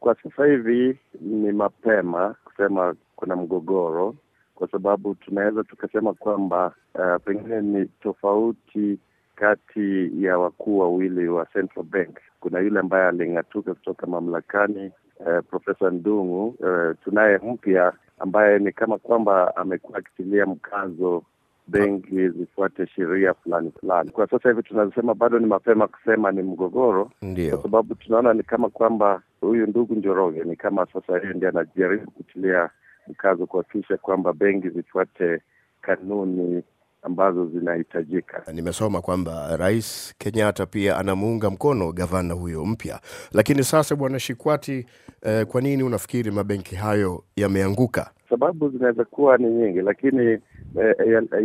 Kwa sasa hivi ni mapema kusema kuna mgogoro, kwa sababu tunaweza tukasema kwamba uh, pengine ni tofauti kati ya wakuu wawili wa Central Bank. Kuna yule ambaye aling'atuka kutoka mamlakani uh, eh, Profesa Ndung'u. Uh, tunaye mpya ambaye ni kama kwamba amekuwa akitilia mkazo benki zifuate sheria fulani fulani. Kwa sasa hivi tunasema bado ni mapema kusema ni mgogoro, ndio kwa sababu tunaona ni kama kwamba huyu ndugu Njoroge ni kama sasa hivi ndiye anajaribu kutilia mkazo kuhakikisha kwamba benki zifuate kanuni ambazo zinahitajika. Nimesoma kwamba Rais Kenyatta pia anamuunga mkono gavana huyo mpya. Lakini sasa, Bwana Shikwati, eh, kwa nini unafikiri mabenki hayo yameanguka? Sababu zinaweza kuwa ni nyingi, lakini Eh,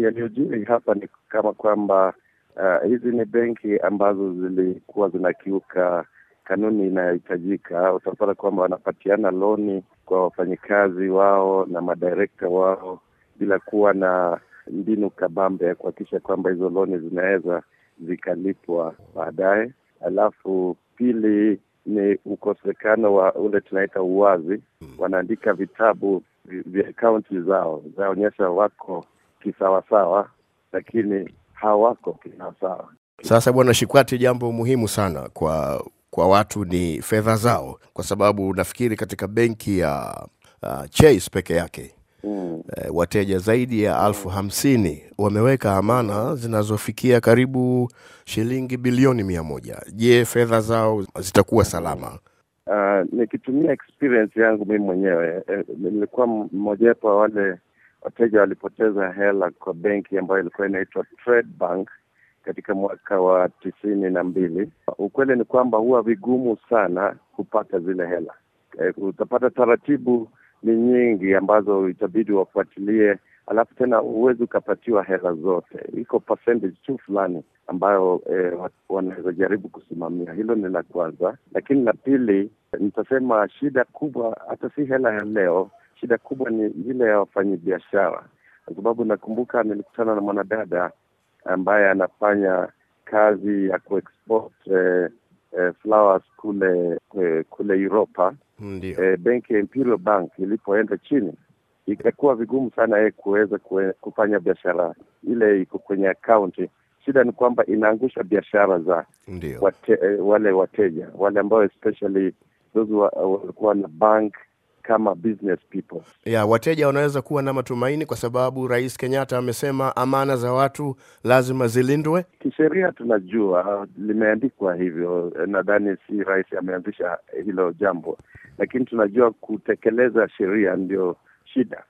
yaliyojiri hapa ni kama kwamba uh, hizi ni benki ambazo zilikuwa zinakiuka kanuni inayohitajika. Utapata kwamba wanapatiana loni kwa wafanyikazi wao na madirekta wao bila kuwa na mbinu kabambe ya kuhakikisha kwamba hizo loni zinaweza zikalipwa baadaye. Alafu pili ni ukosekano wa ule tunaita uwazi. Hmm. Wanaandika vitabu vya akaunti zao, zaonyesha wako kisawasawa, lakini hawako kisawasawa. Sasa Bwana Shikwati, jambo muhimu sana kwa kwa watu ni fedha zao, kwa sababu nafikiri katika benki ya uh, Chase peke yake mm. E, wateja zaidi ya alfu hamsini wameweka amana zinazofikia karibu shilingi bilioni mia moja. Je, fedha zao zitakuwa salama? Uh, nikitumia experience yangu mimi mwenyewe eh, nilikuwa e, mmojawapo wa wale wateja walipoteza hela kwa benki ambayo ilikuwa inaitwa Trade Bank katika mwaka wa tisini na mbili. Ukweli ni kwamba huwa vigumu sana kupata zile hela. E, utapata taratibu ni nyingi ambazo itabidi wafuatilie, alafu tena huwezi ukapatiwa hela zote. Iko percentage tu fulani ambayo e, wanaweza jaribu kusimamia. Hilo ni la kwanza, lakini la pili nitasema shida kubwa hata si hela ya leo shida kubwa ni ile ya wafanyabiashara, kwa sababu nakumbuka nilikutana na mwanadada ambaye anafanya kazi ya kuexport eh, eh, flowers kule eh, kule Europa. Eh, benki ya Imperial Bank ilipoenda chini ikakuwa vigumu sana yeye kuweza kufanya biashara ile iko kwenye akaunti. Shida ni kwamba inaangusha biashara za wate, eh, wale wateja wale ambao especially those walikuwa na bank kama business people. wateja wanaweza kuwa na matumaini kwa sababu Rais Kenyatta amesema amana za watu lazima zilindwe kisheria. Tunajua limeandikwa hivyo, nadhani si rais ameanzisha hilo jambo, lakini tunajua kutekeleza sheria ndio shida.